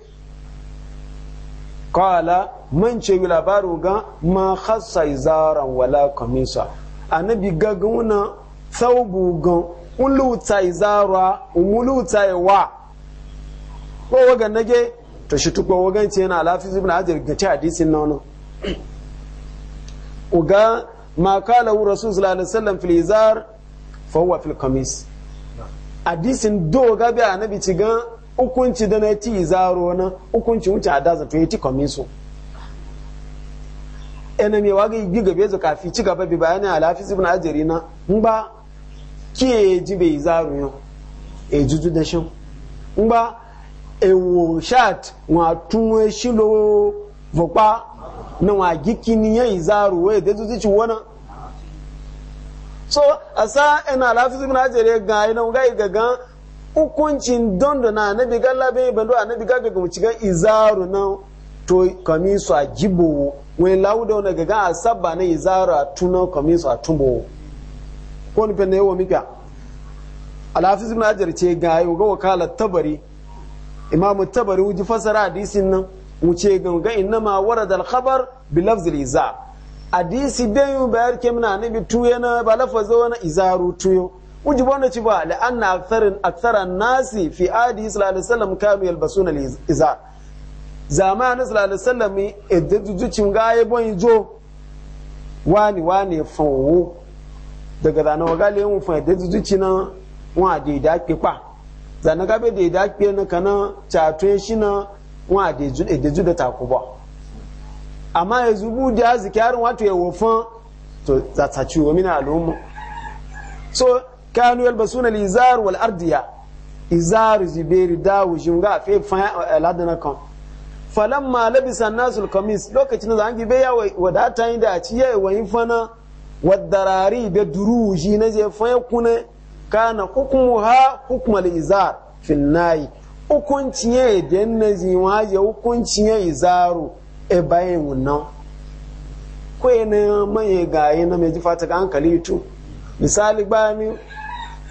Kawala man ce wi labaru ga ma khassa izaran wala kamisa annabi gaguna saubu gan uluta izara umuluta wa ko waga nage to shi tukwa wagan ce yana lafiz ibn hajar ga ci hadisin nan uga ma kala wu rasul sallallahu alaihi wasallam fil izar fa huwa fil kamis hadisin do ga bi annabi ci gan hukunci da na ti zaro na hukunci wuce a daza to ya ti su. ene mai waga yi gabe zu kafi ci gaba bi bayani a lafi ibn ajiri na in ba ki ji bai zaro yau e juju da shan. in ba ewo shat wa tun shilo vokpa na wa gikini ya zaro wai da zuci wani so asa ina lafi ibn ajiri ga ina ga ga hukuncin dondo na annabi gallabe bando annabi gabe ga gan izaru na to kamisu a gibowo wani lauda wani gaga a sabba na izaru a tuna kamisu a tumbo ko nufin na yawon mika alhafis ibn hajar ce ga yau ga wakalar tabari imamu tabari wuji fasara hadisin nan wuce ga inna ma wara da alkhabar bi lafzil izar hadisi yi bayar kemna annabi tuyo na balafa zo na izaru tuyo uji bana ci ba la anna aktharin nasi fi adi sallallahu alaihi kanu iza sallallahu bon jo wani wani daga zana wa da zana na kana wa ju da takuba amma yanzu bu da zikarin wato ya wofan to za so kanu yalbasuna al-izar wal ardiya izar ziberi dawo jinga fe fa ladana kan falamma labisa nasul kamis lokacin da an gibe ya wadata inda a ciye wayin fana wadarari be duruji na je fa kuna kana hukmuha hukmal izar fil nayi hukuncin ya da na ziwa ya hukuncin ya izaru e bayan wannan ko ne mai gaye na mai ji fata ga hankali to misali bani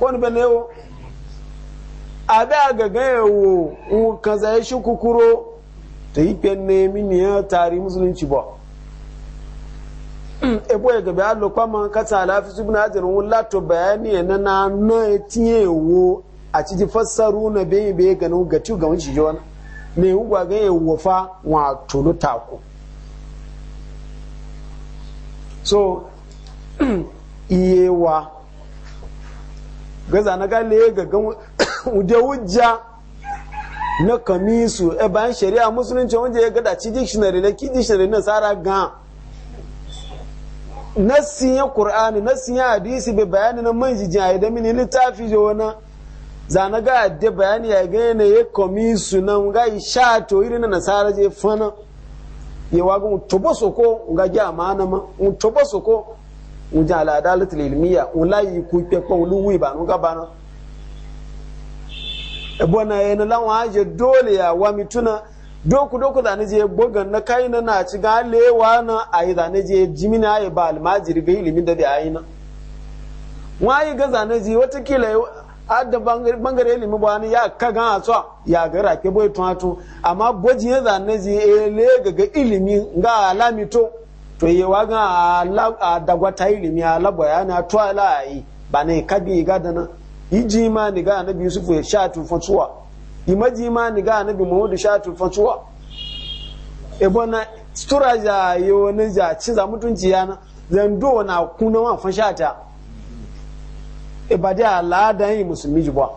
kone bane yau a da gaga yawo in ka zai shi kukuro ta yi fenne mini ya tari musulunci ba ebo mm. e ya gabe allo kwamma ka tsala fi subna ajirin wula to bayani ya na na ya tiye yawo a cikin fassaru na bai bai ganin gatu ga wani shijo na ne ugwa ga ya wofa wa ta ko? so mm. iyewa gaza na gale ga gan wude wujja na kamisu e bayan shari'a musulunci wanda ya gada ci dictionary na ki dictionary na sara ga nassin ya qur'ani nassin ya hadisi bai bayani na manjijin ayi da mini littafi je wana zana ga bayani ya ga ne ya kamisu nan ga sha to irin na sara je fana ya wago to ga ji amana ma to ala ujan al'adalatul ilmiya ulayi ku pepa oluwu ibanu gabana ebo na yana wa aje dole ya wa tuna doku doku da nije bogan na kai na na ci ga wa na ayi da nije jimina ayi ba almajiri ga ilimi da da ayi na ayi ga zane ji wata kila adda bangare ilimi ba ni ya ka gan atso ya ga rake boy to amma bojin zane ji e le ga ilimi ga alamito to to yi wagan a dagwata ilimi a labwaya na tuwala a yi ba ne kabi ga da nan ji ma ni ga anabi yusufu ya sha tufan tuwa Yi ma ji ma ni ga annabi muhammadu sha tufan tuwa ebo na a ja yo ni ja ci za mutunci yana zan do na kuna wa fan sha ta e ba da yi musulmi jibwa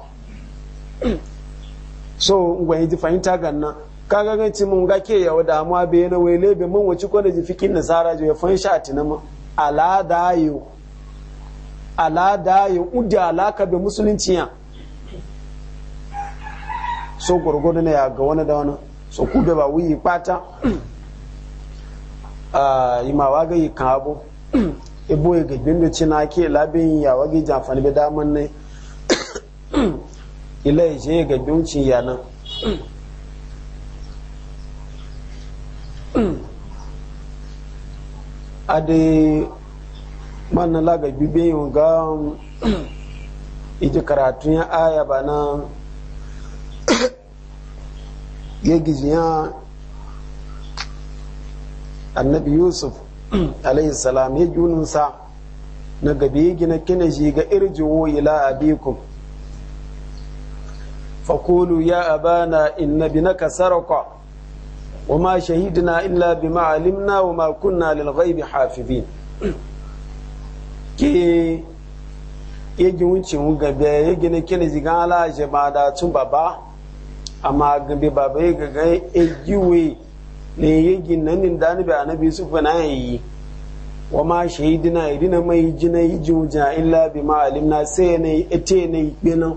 so ngwa yi fahimta ganna kaga gan ci mun ga ke yawa damuwa bai na wai lebe mun wace ko da jifikin nasara je fan sha tina mun ala dayo ala dayo udi alaka be musulunci ya so gurgudu ne ya ga wani da wani so ku da ba wuyi kwata a ah, yi ma waga yi kan abu ibo ya gajin da cina ke labin ya wage jamfani bai daman ne ila ya je ya gajin cin yanan Adi manna laga bibe yin ga Iji karatun ya aya ba na ya annabi yusuf alayhi salam ya junansa na gabi gina kina shi ga irjiwo ila abikum fakulu ya abana inna na sarqa وما شهدنا إلا بما علمنا وما كنا للغيب حافظين كي yegi wuce mu gabe yegi na kene zigan ala je ba da tun baba amma gabe baba yegi ga egiwe ne yegi nan din dani ba annabi su fana na yi wa ma shahidina dina mai jina yiji wuja illa bi ma alimna sai ne ete ne ikpe nan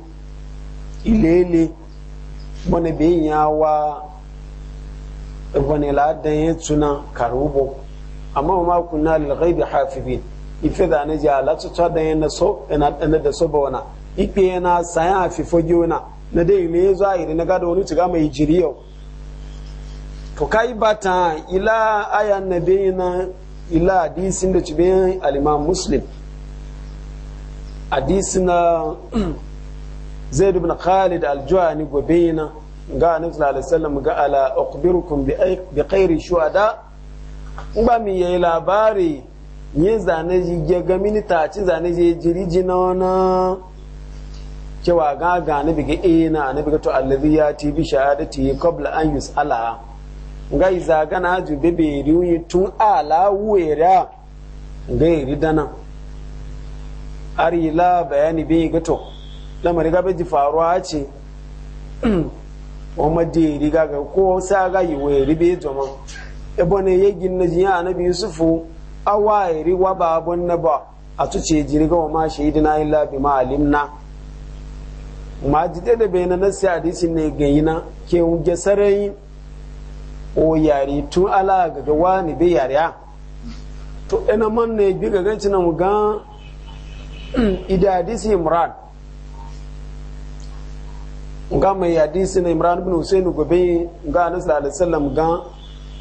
ilele mana bin yawa ibn al-adan ya tuna karubo amma ma kunna lil ghaibi hafizin ife da ne ja la tsuta da yana so ina dan da so bona ipe yana sayan afifo giona na dai me zo na gado wani tiga mai jiriyo to kai bata ila ayan nabiyina ila hadisin da cibe al-imam muslim hadisin zaid ibn khalid al-juani gobeyina ga annabi sallallahu alaihi wasallam ga ala ukhbirukum bi khairi shuhada ba mi yayi labari ni zane ji ge ga ta ci zane ji jiri ji na wana cewa ga ga bi ga ina eh ni bi ga to allazi ya ti bi shahadati qabla an yusala ga iza ga na ju bebe riwi tun ala wera ga iri e dana ari la bayani bi ga to lamari ga be ji faruwa ce wama deri gaga ko sa ga yiwe ribe jama ebo ne yegin na jiya anabi yusufu awa iri wa ba abun na ba a tuce jiri ga wama shahidina illa bi ma na ma ji da da bayan na sai hadisi ne ga yina ke wuge yi o yari tun ala ga ga wani be yariya to ina man ne bi ga na mu ga idadisi imran nga mai hadisi na imran ibn husayn gobe ga anas sallallahu alaihi wasallam ga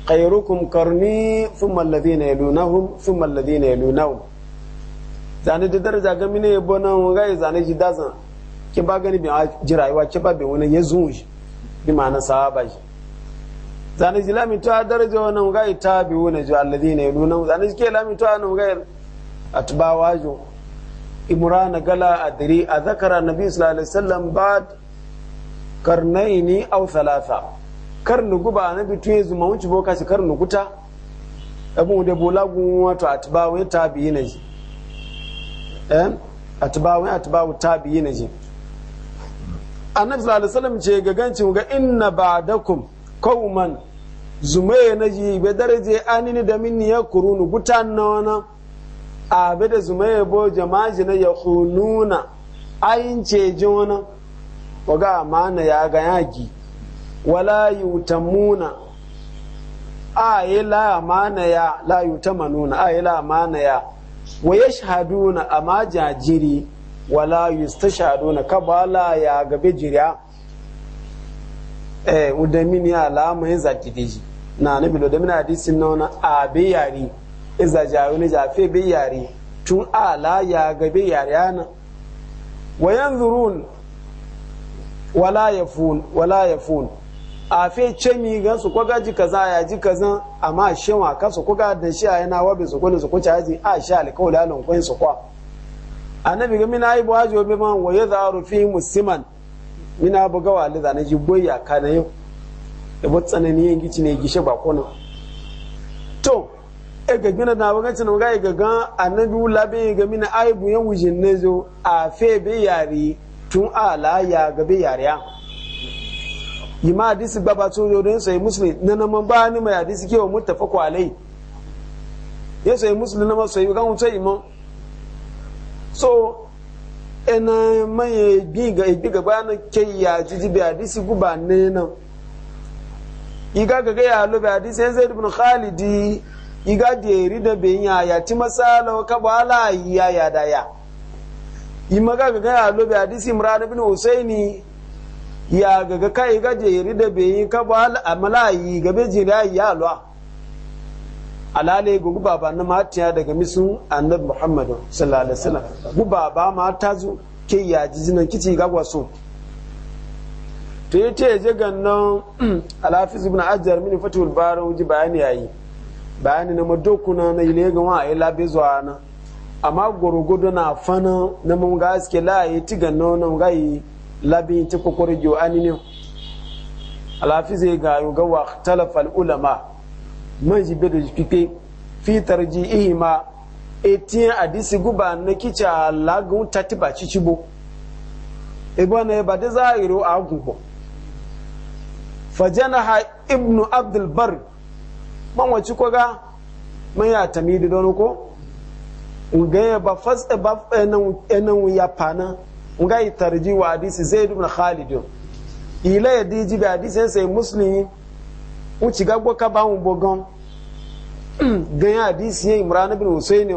khairukum qarni thumma alladhina yalunahum thumma alladhina yalunahum zane da daraja ga mine yabo nan ga zane shi dazan ki ba gani bin jiraiwa ki ba bi wani ya zuwa shi bi ma'ana sahaba shi zane shi lami ta daraja wani ga ta bi wani ji alladhina yalunahum zane shi ke lami ta nan ga atubawa jo imran gala adri a zakara nabi sallallahu alaihi wasallam ba'd karnaini au thalatha karnu guba na bitu ya zuma wuce boka shi karnu guta abin da bola gun wato atibawai tabi na ji eh? atibawai atibawu tabi na ji annabi sallallahu alaihi ce ga gancin ga inna ba'dakum qauman zumaye na ji be daraje anini da minni ya kurunu gutan na wana abe da zumaye bo jama'a na ya kununa ayin ce ji wana oga amana ya ga yaki wala yutamuna a yi la amana ya la yutamanuna a yi la amana ya wa ya yashhaduna amma jajiri wala na kabala ya gabe jiriya eh udamini alama ya zatidiji na nabi lo damina hadisin nuna a bi yari iza jawo ni jafe bi yari tun ala ya gabe yari ana wa yanzurun wala ya fun wala fun a fe ce mi gan su kwaga ji kaza ya ji kaza amma wa ka su kwaga da shi a yana wabe su kwani su kwace haji a sha alkawali alon kwani su kwa annabi ga mina yi buwaji wa biman wa ya zaru fi musliman mina buga wa liza na jiboyi ka kana yau da ba tsanani yin gici ne gishe ba kona to e ga gina na buga cin e ga ga annabi labe ga mina aibu yan wujin ne zo a fe be yari tun ala ya gabe yariya yi ma hadisi gbaba tsoron sai musulmi na naman ba ni ma hadisi kewa mutu mutafa kwalai ya sai musulmi na masu yi kan wuce imo so ina mai biga ibi gaba na ke ya jiji bi hadisi guba ne nan iga gaga ya lobe hadisi yanzu ibn khalidi iga da yari da bin ya ya ti masala ka ba ala ya ya da ya imaga ga gaya lobe hadisi imran ibn husaini ya ga ga kai ga jeri da bai ka ba amalayi ga be jira ya lwa alale go baba na matiya daga misun annabi muhammad sallallahu alaihi wasallam gu baba ma ta zo ke ya ji jijinan kici ga gwaso to ce je gannan alhafiz ibn ajjar min fatul baro ji bayani yayi bayani na madokuna na ile ga wa labe zuwa na amma gwargwado na fana na mun ga aske laye ti ga nono ga yi labi ti kokori jo anini alhafiz ga yo ga wa talafal ulama man ji bedo kike fi ihi ma etin adisi guba na kicha lagun tatiba cicibo ebo na ba da zahiro agungo fajanaha ibnu abdul bar man wace ko ga man ya tamidi don ko ngaya ba fasta eh, ba enan eh, eh, ya pana nga itarji wa hadisi zaid ibn khalid ila ya diji ba hadisi sai muslimi uci gagbo ka ba bogon ganyan hadisi ya imran ibn husayn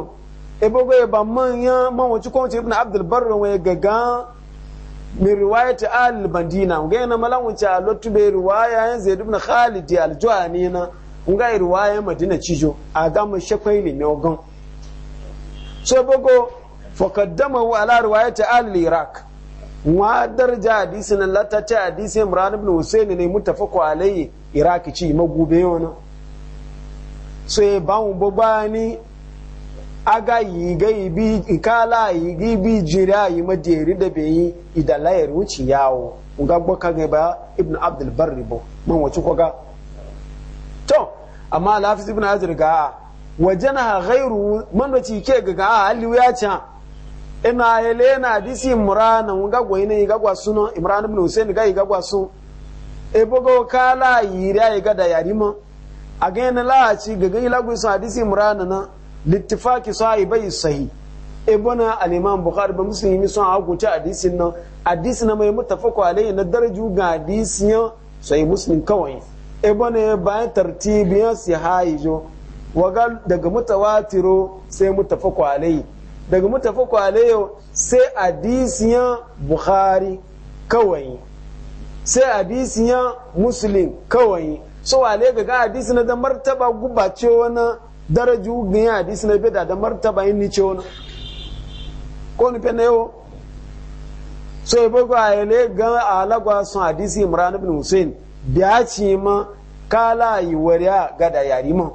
e bogo ba manya man wuci ko ibn abdul barr wa gaga min riwayat al madina nga na malan wuci a lotu be riwaya ya zaid ibn khalid al juani na nga riwaya madina cijo a ga mu ogon so bogo faqaddamahu ala riwayati ahli iraq wa darja hadisin Allah ta ce hadisi Imran ibn Hussein ne muttafaqu alayhi iraki ci magube sai so e ba mu a aga yi ga ibi ikala yi ga ibi jira yi maderi da bai idalayar wuci yawo ga gbaka ga ba ibn abdul barri bo man wace ko ga to amma lafiz ibn azir ga Wajen ghairu manda ci ke gaga a halli wuya ci ina yele na disi imran ga go ina yi gagwa suno imran ibn husain ga yi gagwa su e bogo kala yira ga da yarima a ga ina la ci gaga ila go su hadisi na littifaki sahibai sahi e bona al imam bukhari ba muslimi sun hagu ta na nan na mai mutafaku alai na daraju ga hadisin sai muslim kawai e bona bayan tartibiyan sihayi jo wagal daga mutawatiro sai mutafaku alayhi daga mutafaku alayhi sai hadisiyan bukhari kawai sai hadisiyan muslim kawai so wale ga ga hadisi na da martaba gubace wani daraju gina hadisi na beda da martaba yin ni ce wani ko ni fena yau so ya bai a yale ga alagwa sun hadisi imran ibn hussein biya ce ma kala yi wariya ga da yari ma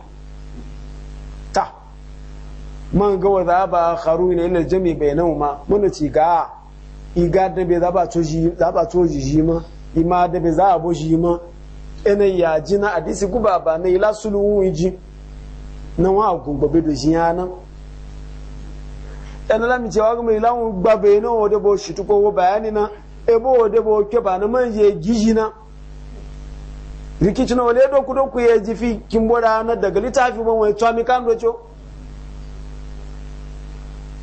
man ga wa zaba kharu ne ila jami bainahu ma mun ci ga iga da be zaba to ji zaba to ji ji ma ima da be zaba bo ji ma ene ya ji na hadisi guba ba ne ila sulu ji na wa gun gobe do ji yana ene la mi ce wa gumi ila un gba be no o de bo shi tuko wo bayani na ebo o de bo ke ba na man je giji na Rikicin na wale doku doku ya jifi kimbora na daga littafi ban wani tsami kan docho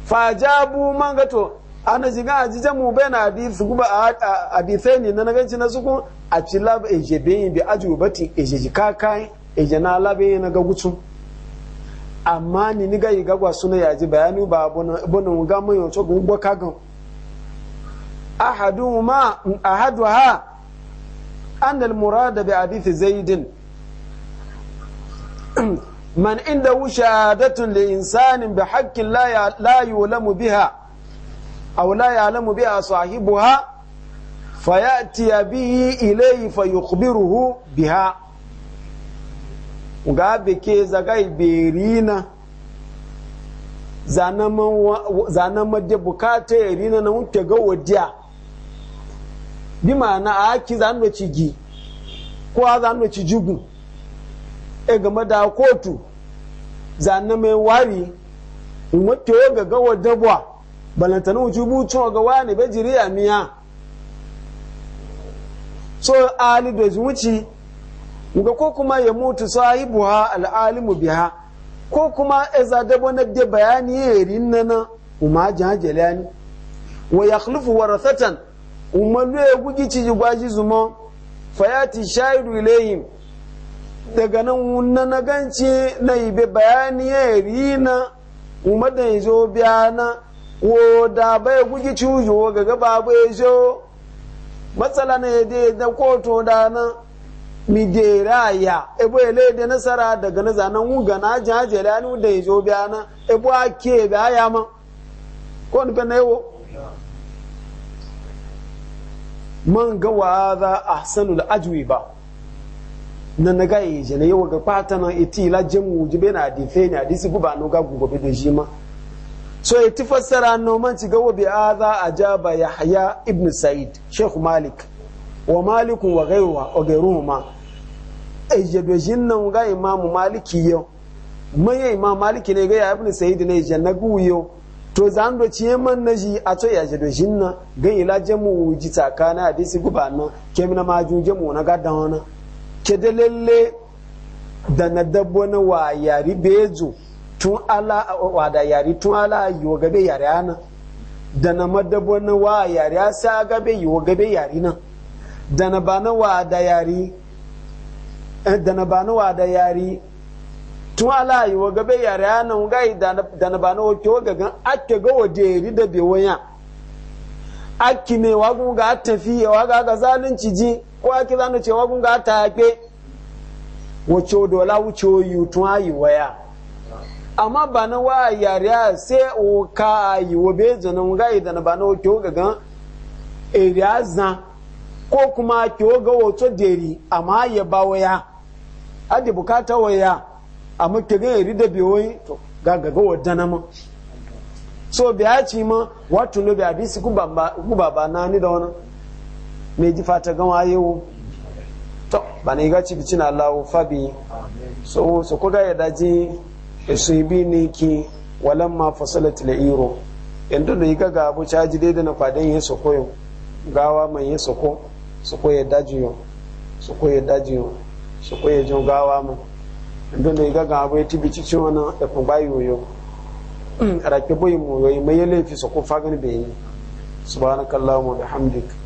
fajabu man gato ana jiga a jije mu bai na su guba a hadisai ne na naganci na suku a ci laba eje bayin bi aju bati eje jika kai je na laba na ga gucu amma ni ni ga yiga gwa suna ya ji bayani ba bonan ga mun yanzu gun gwa kagan ahadu ma ahadu ha an al murada bi hadisi zaidin man inda shahadatun li insanin bi haqqin la la yulamu biha aw la ya'lamu biha sahibuha fayati bihi ilayhi fayukhbiruhu biha ga beke zagai berina zanen madde bukata ya rina na wuce ga wadiya bi ma'ana a haki zanen da cigi ko a zanen da ci jugun e game da kotu zanna mai wari wato ga gawa dabuwa balantana wuce bucin ga wani bajiri a miya so ali da zuci ga ko kuma ya mutu yi sahibuha al'alimu biya? ko kuma e za dabo na de bayani ya yi nana umma jajalani wa yakhlufu warathatan umalu ya gugi ci gwaji zuma fayati shaidu ilayhim daga nan wunna na ganci na ibe bayani ya yi na umar da ya zo biya na wo da bai gugi cuju ga gaba bai zo matsala na ya de da koto da na mi de raya ebo ele de nasara daga na zanen wuga na da anu da ya zo biya na ebo ake biya ma ko ni na wo? man ga wa za ahsanul ajwi ba na naga yi je na yawa ga kwata na iti la jemu jibe na adife ne adisi guba no ga gugu be shi ma so iti fassara no man ci ga wabi ba ya haya ibn sa'id sheikh malik wa malik wa gaiwa o ma e je do jin na ga imamu maliki yo man ya imam maliki ne ga ibn sa'id ne je na yau to zan do ciye man na ji a to ya je do jin na ga ila jemu ji tsakana adisi guba no kemina ma ju jemu na ga dan kede lalle da na dabbo na wa yari bezo tun ala wa da yari tun ala yi wa gabe yari ana da na madabbo na wa yari asa gabe yi wa gabe yari nan da na ba na wa da yari eh, da na ba na wa da yari tun ala yi wa gabe yari ana ngai da na ba na wake wa gagan ake ga wa da yari da bewaya aki ne wa gunga tafi wa ga ga zalunci ji ko ake zanu cewa kun ga ta ke wace dola wuce yi tun ayi waya amma ba na wa yariya sai o ka yi wa be zanen ga idan ba na wato ga gan eriya zan ko kuma ki ga wato deri amma ya ba waya adi bukata waya amma ki ga eri da biyoyi to ga ga ga wadana ma so biya ci ma wato no biya bisi ku baba na ni da wani mai ji fata gama yau to ba na iga cibi cina lawo fabi so so kuga ya daji su bi ne ki walan ma fasalat la iro yanzu da yi ga abu caji daidai na kwadan ya soko yau gawa mai yi soko soko ya daji yau soko ya daji yau soko ya jin gawa mu yanzu da yi ga abu ya tibi ci wani da kun bayo yau mm. rake yi mu yoyi mai yi laifi soko fagan bai yi subhanakallahumma bihamdika